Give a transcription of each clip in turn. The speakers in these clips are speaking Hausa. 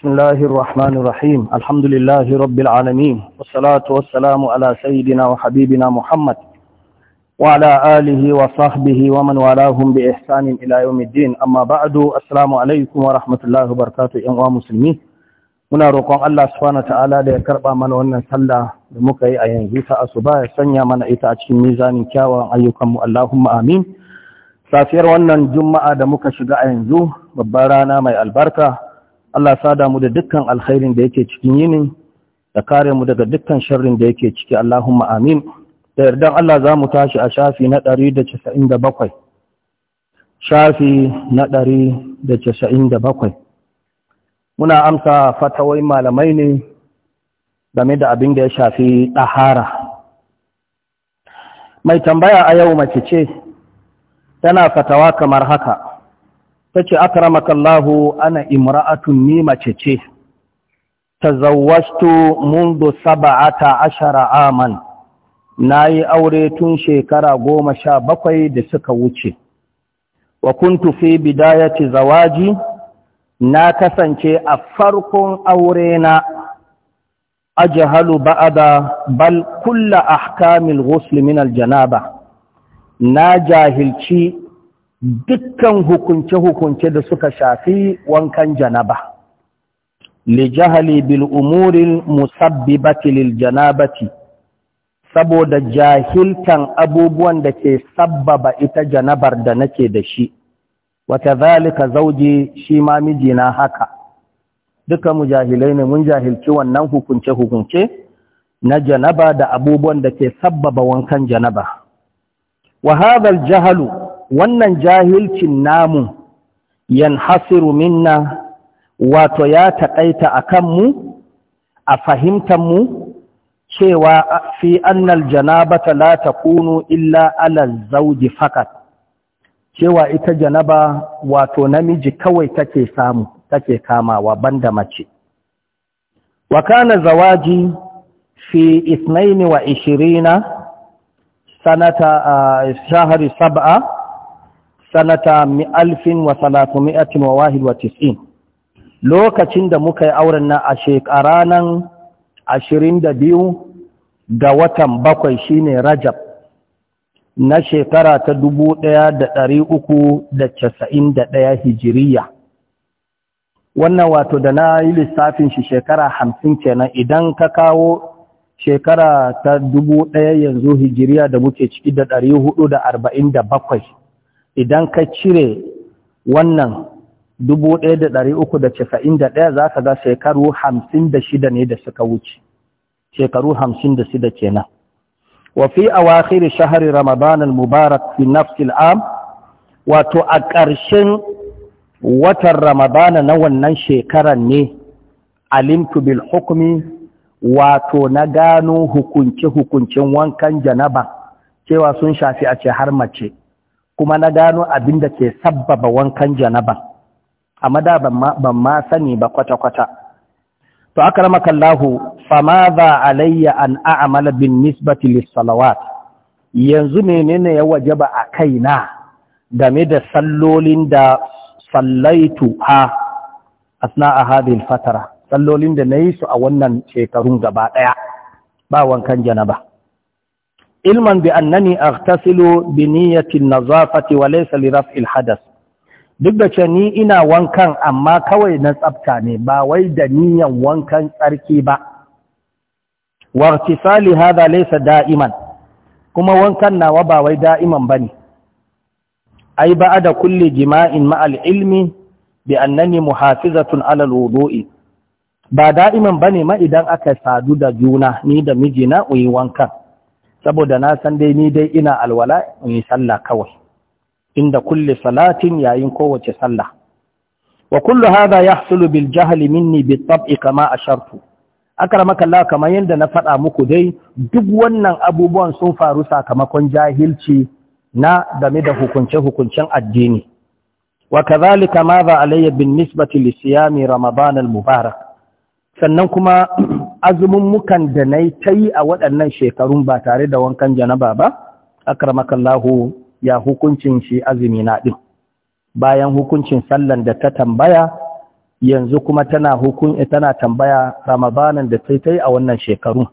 بسم الله الرحمن الرحيم الحمد لله رب العالمين والصلاة والسلام على سيدنا وحبيبنا محمد وعلى آله وصحبه ومن والاهم بإحسان إلى يوم الدين أما بعد السلام عليكم ورحمة الله وبركاته يا مسلمين muna roƙon Allah subhanahu ta'ala da ya karɓa mana wannan sallah da muka yi a yanzu ta asuba ya sanya mana ita a cikin mizanin kyawawan ayyukanmu Allahumma amin safiyar wannan juma'a da muka shiga a yanzu babbar rana mai albarka Allah sada mu da dukkan alkhairin da yake cikin yini, da kare mu daga dukkan sharrin da yake ciki Allahumma amin da yardan Allah za mu tashi a shafi na 197 shafi na 197 muna amsa fatawai malamai ne game da abin da ya shafi ɗahara mai tambaya a yau mace ce tana fatawa kamar haka ta ce kallahu ana imra'atun ni mace ce Ta zawastu mundu saba'ata ashara aman yi aure tun shekara goma sha bakwai da suka wuce wa kuntu fi bidayati zawaji na kasance a farkon aure na ajhalu ba'ada bal kulla ahkamil ghusl min janaba na jahilci dukkan hukunce-hukunce da suka shafi wankan janaba li jahali bil umurin musabbibati lil janabati saboda jahiltan abubuwan da ke sabbaba ita janabar da nake da shi wata zalika zauji shi ma mijina haka duka mu jahilai ne mun jahilci wannan hukunce-hukunce na janaba da abubuwan da ke sabbaba wankan janaba wa hadha jahalu wannan jahilcin namu yanhasiru minna wato ya taƙaita a kanmu a fahimtanmu cewa fi annal janabata la takunu illa ala zauji fakat cewa ita janaba wato namiji kawai take samu take kamawa banda mace wa kana zawaji fi isnaini wa ishirina sanata shahari sab'a sanata mi alfin wa salatu atin wa wahid wa tis'in lokacin da muka yi auren na a shekara nan ashirin da biyu ga watan bakwai shine rajab na shekara ta dubu ɗaya da ɗari uku da casa'in da ɗaya hijiriya wannan wato da na yi lissafin shi shekara hamsin kenan idan ka kawo shekara ta dubu ɗaya yanzu hijiriya da muke ciki da ɗari hudu da arba'in da bakwai idan ka cire wannan da 1391 za ka ga shekaru 56 ne da suka wuce shekaru 56 nan. Wafi a wakiri shahari ramadan al-mubarak fi nafsil am wato a ƙarshen watan ramadan na wannan shekaran ne alimtu bil hukumi wato na gano hukunce hukuncen wankan janaba cewa sun shafi a ce har mace kuma na gano abin da ke sabbaba wankan janaba amma da ban ma sani ba kwata-kwata to aka rama kallahu fama za alayya an a'amala bin nisbati lissalawat yanzu menene ya wajaba a kai na, game da sallolin da sallaitu ha asna a hadin fatara sallolin da na yi su a wannan shekarun gaba ɗaya ba wankan janaba علما بأنني أغتسل بنية النظافة وليس لرفع الحدث duk da ce ni ina wankan amma kawai na tsabta ne ba wai da niyan wankan tsarki ba wartisali hada laysa da'iman kuma wankan nawa ba wai da'iman bane ai ba da kulli jima'in ma al-ilmi bi annani muhafizatun ala al-wudu'i ba da'iman bane ma idan aka sadu da juna ni da mijina uyi wankan saboda na san dai ni dai ina alwala in yi sallah kawai inda kulle salatin yayin kowace sallah wa kullu hadha yahsulu bil jahli minni bit tab'i kama A akramaka Allah kamar yanda na faɗa muku dai duk wannan abubuwan sun faru sakamakon jahilci na game da hukunce hukuncen addini wa kadhalika madha alayya bin nisbati li siyami ramadan al mubarak sannan kuma azumin mukan da na yi ta yi a waɗannan shekarun ba tare da wankan janaba ba akramakallahu ya hukuncin shi azumi na ɗin bayan hukuncin sallan da ta tambaya yanzu kuma tana hukun tana tambaya ramabanan da ta yi a wannan shekarun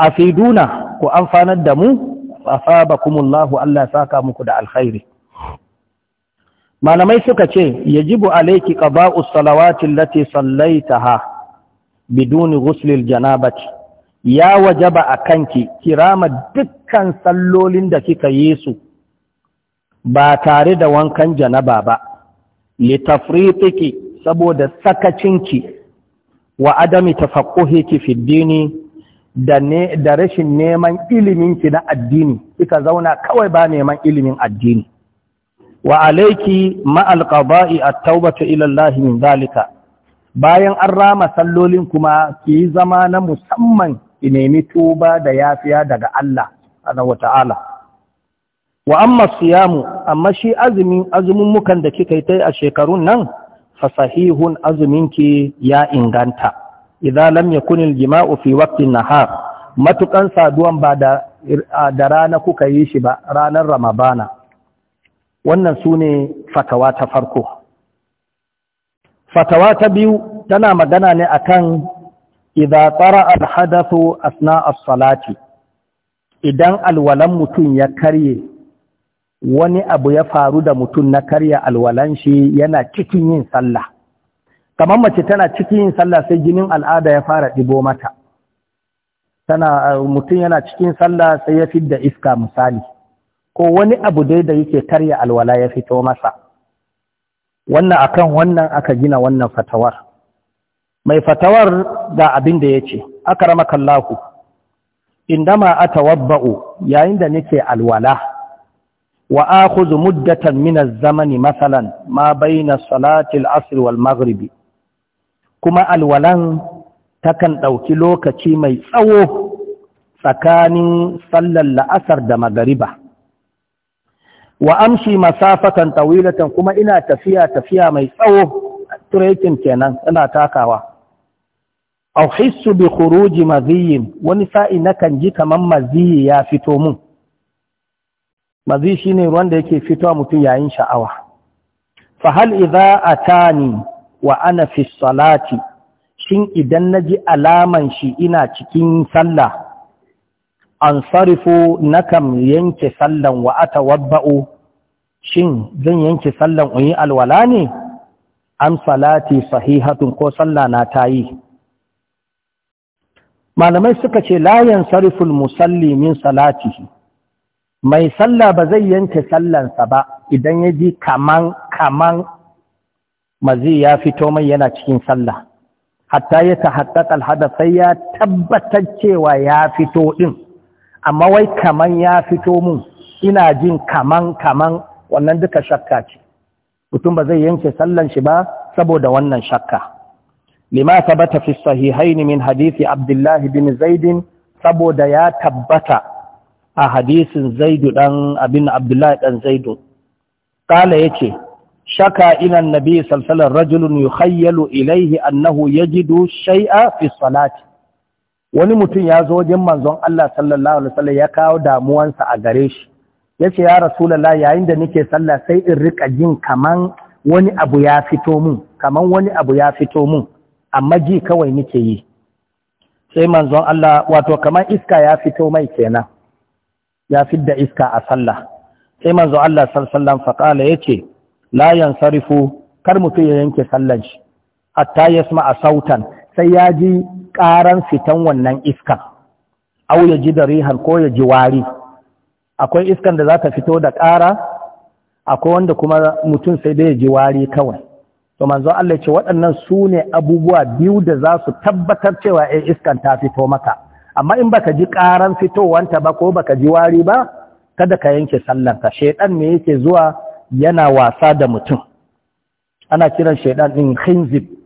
A afiduna ku amfanar da mu a Lahu, Allah saka muku da alkhairi malamai suka ce yajibu alayki qada'us salawati ta ha. biduni ghuslil janabati ya wajaba a kanki kirama dukkan sallolin da kika yi su ba tare da wankan janaba ba litafritiki saboda sakacinki wa adami tafaqquhiki fi dini da ne da rashin neman iliminki na addini kika zauna kawai ba neman ilimin addini wa alayki ma alqada'i at-taubatu ila Allah min zalika bayan an rama sallolin kuma ki yi zama na musamman ki nemi tuba da yafiya daga Allah subhanahu wata'ala wa amma siyamu amma shi azumin azumin mukan da kika yi tai a shekarun nan fa sahihun ki ya inganta idan lam yakun al-jima'u fi waqtin nahar matukan saduwan ba da da rana kuka yi shi ba ranar ramabana wannan sune fatawa ta farko fatawa ta biyu tana magana ne a kan tsara alhadasu a suna asalati idan alwalan mutum ya karye wani abu ya faru da mutum na karya alwalan shi yana cikin yin sallah kamar mace tana cikin yin sallah sai jinin al'ada ya fara ɗibo mata mutum yana cikin sallah sai ya fidda iska misali ko wani abu dai da yake karya alwala ya fito masa wannan akan wannan aka gina wannan fatawar mai fatawar ga abin da ya ce aka rama kallahu indama atawabba'u yayin da nake alwala wa akhudhu muddatan min az-zamani masalan ma bayna salati al-asr wal maghribi kuma alwalan takan ɗauki lokaci mai tsawo tsakanin sallar la'asar da magariba wa amshi masafatan tawilatan kuma ina tafiya tafiya mai tsawo trekking kenan ina takawa aw hissu bi khuruji madhiyin wani sa'i nakan ji kaman maziyi ya fito mun maziyi shine ruwan da yake fitowa mutum yayin sha'awa fa hal idza atani wa ana fi salati shin idan naji alaman shi ina cikin sallah an sarifu na kam yanke sallan wa ata wabba'u shin zan yanke sallan unyi alwala ne An salati sahihatun ko sallah na ta yi malamai suka ce layan sariful musalli min salati. mai salla ba zai yanke sallansa ba idan ya ji kaman kaman mazi ya fito mai yana cikin sallah hatta ya ta haddata alhada sai ya tabbatar cewa ya fito ɗin amma wai kaman ya fito mun ina jin kaman kaman wannan duka shakka ce mutum ba zai yanke sallan shi ba saboda wannan shakka lima sabata fi sahihaini min hadisi abdullahi bin zaidin saboda ya tabbata a hadisin zaidu dan abin abdullahi dan zaidu kala yace shaka ila nabi sallallahu alaihi wasallam rajulun yukhayyalu ilayhi annahu yajidu shay'a fi salati wani mutum ya zo wajen manzon Allah sallallahu alaihi wasallam ya kawo damuwansa a gare shi yace ya rasulullah yayin da nake sallah sai in rika jin kaman wani abu ya fito mun kaman wani abu ya fito mun amma ji kawai nake yi sai manzon Allah wato kaman iska ya fito mai kenan ya fidda iska a sallah sai manzon Allah sallallahu alaihi wasallam faqala yace la yansarifu kar mutum ya yanke sallan shi hatta yasma sautan sai ya ji ƙaran fitan wannan iska, au ya ji da rihan ko ya ji wari akwai iskan da za ta fito da ƙara akwai wanda kuma mutum sai dai ya ji wari kawai to manzo Allah ce waɗannan su ne abubuwa biyu da za su tabbatar cewa eh iskan ta fito maka amma in baka ji ƙaran fitowanta ba ko baka ji wari ba kada ka yanke sallanka shaiɗan ne yake zuwa yana wasa da mutum ana kiran shaiɗan in khinzib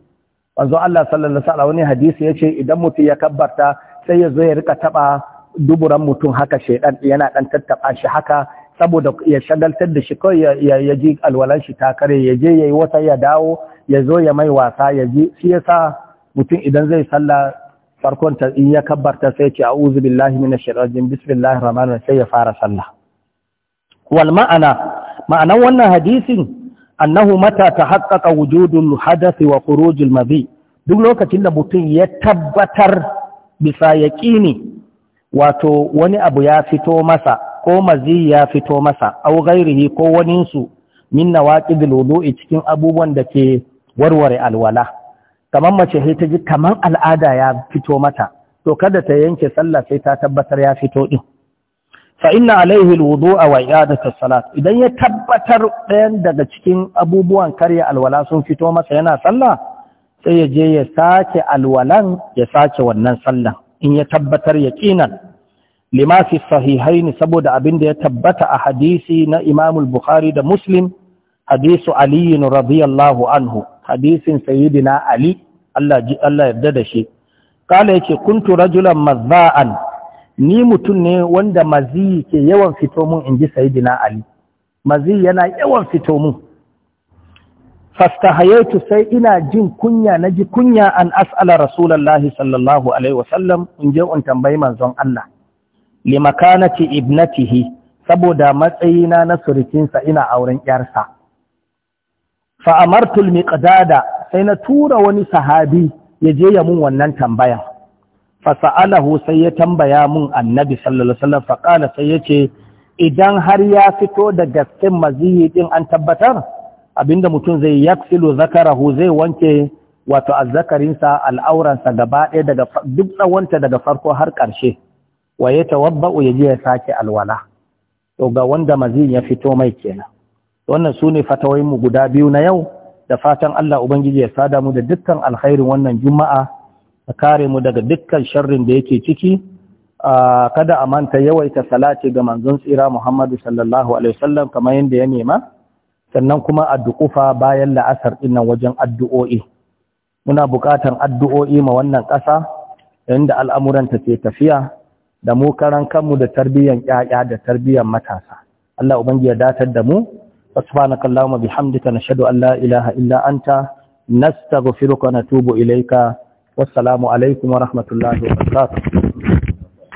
manzo Allah sallallahu alaihi wasallam hadisi yace idan mutum ya kabbarta sai ya zo ya rika taba duburan mutum haka shedan yana dan tattaba shi haka saboda ya shagaltar da shi kawai ya ji alwalan shi ta kare ya je yayi wata ya dawo ya zo ya mai wasa ya ji shi yasa mutum idan zai sallah farkon ta in ya kabbarta sai ce a'udhu billahi minash shaitanir bismillahir rahmanir rahim sai ya fara sallah wal ma'ana ma'anan wannan hadisin annahu mata ta haƙaƙa wujudun hadasi wa kurojul mazi duk lokacin da mutum ya tabbatar bisa yaƙini wato wani abu ya fito masa ko mazi ya fito masa au gairihi ko waninsu min nawaqidul wudu'i cikin abubuwan da ke warware alwala kamar mace sai ta ji kamar al'ada ya fito mata to kada ta yanke sallah sai ta tabbatar ya fito din fa inna alaihi alwudu'a wa i'adatu salat idan ya tabbatar ɗayan daga cikin abubuwan karya alwala sun fito masa yana sallah sai ya je ya sake alwalan ya sake wannan sallah in ya tabbatar yaqinan lima fi sahihaini saboda abin da ya tabbata a hadisi na Imam al-Bukhari da Muslim hadisu Ali radiyallahu anhu hadisin sayyidina Ali Allah Allah yarda da shi kala yake kuntu rajulan mazza'an ni mutum ne wanda maziyi ke yawan fito mun in ji sayidina ali maziyi yana yawan fito mun fastahayaitu sai ina jin kunya na ji kunya an as'ala rasulallahi sallallahu alaihi wasallam in je in tambayi manzon Allah li makanati ibnatihi saboda matsayina na surukinsa ina auren yarsa fa amartul miqdada sai na tura wani sahabi ya je ya mun wannan tambayan fasa'alahu sai ya tambaya mun annabi sallallahu alaihi wasallam faqala sai yace idan har ya fito da gaskin maziyi din an tabbatar abinda mutum zai yaksilu zakarahu zai wanke wato azzakarinsa al'auransa gaba ɗaya daga duk tsawonta daga farko har ƙarshe wa ya tawabba'u ya je ya sake alwala to ga wanda maziyin ya fito mai kenan wannan su ne fatawoyinmu guda biyu na yau da fatan Allah Ubangiji ya sada mu da dukkan alkhairin wannan juma'a ka kare mu daga dukkan sharrin da yake ciki kada a manta yawaita salati ga manzon tsira Muhammadu sallallahu alaihi wasallam kamar yadda ya nema sannan kuma addu'ufa bayan la'asar dinnan wajen addu'o'i muna buƙatan addu'o'i ma wannan ƙasa inda al'amuranta ke tafiya da mu karan kanmu da tarbiyyar ƴaƴa da tarbiyyar matasa Allah ubangiji ya datar da mu subhanakallahumma bihamdika nashhadu an la ilaha illa anta nastaghfiruka wa natubu ilayka wassalamu alaikum wa rahmatullahi wa barakatuh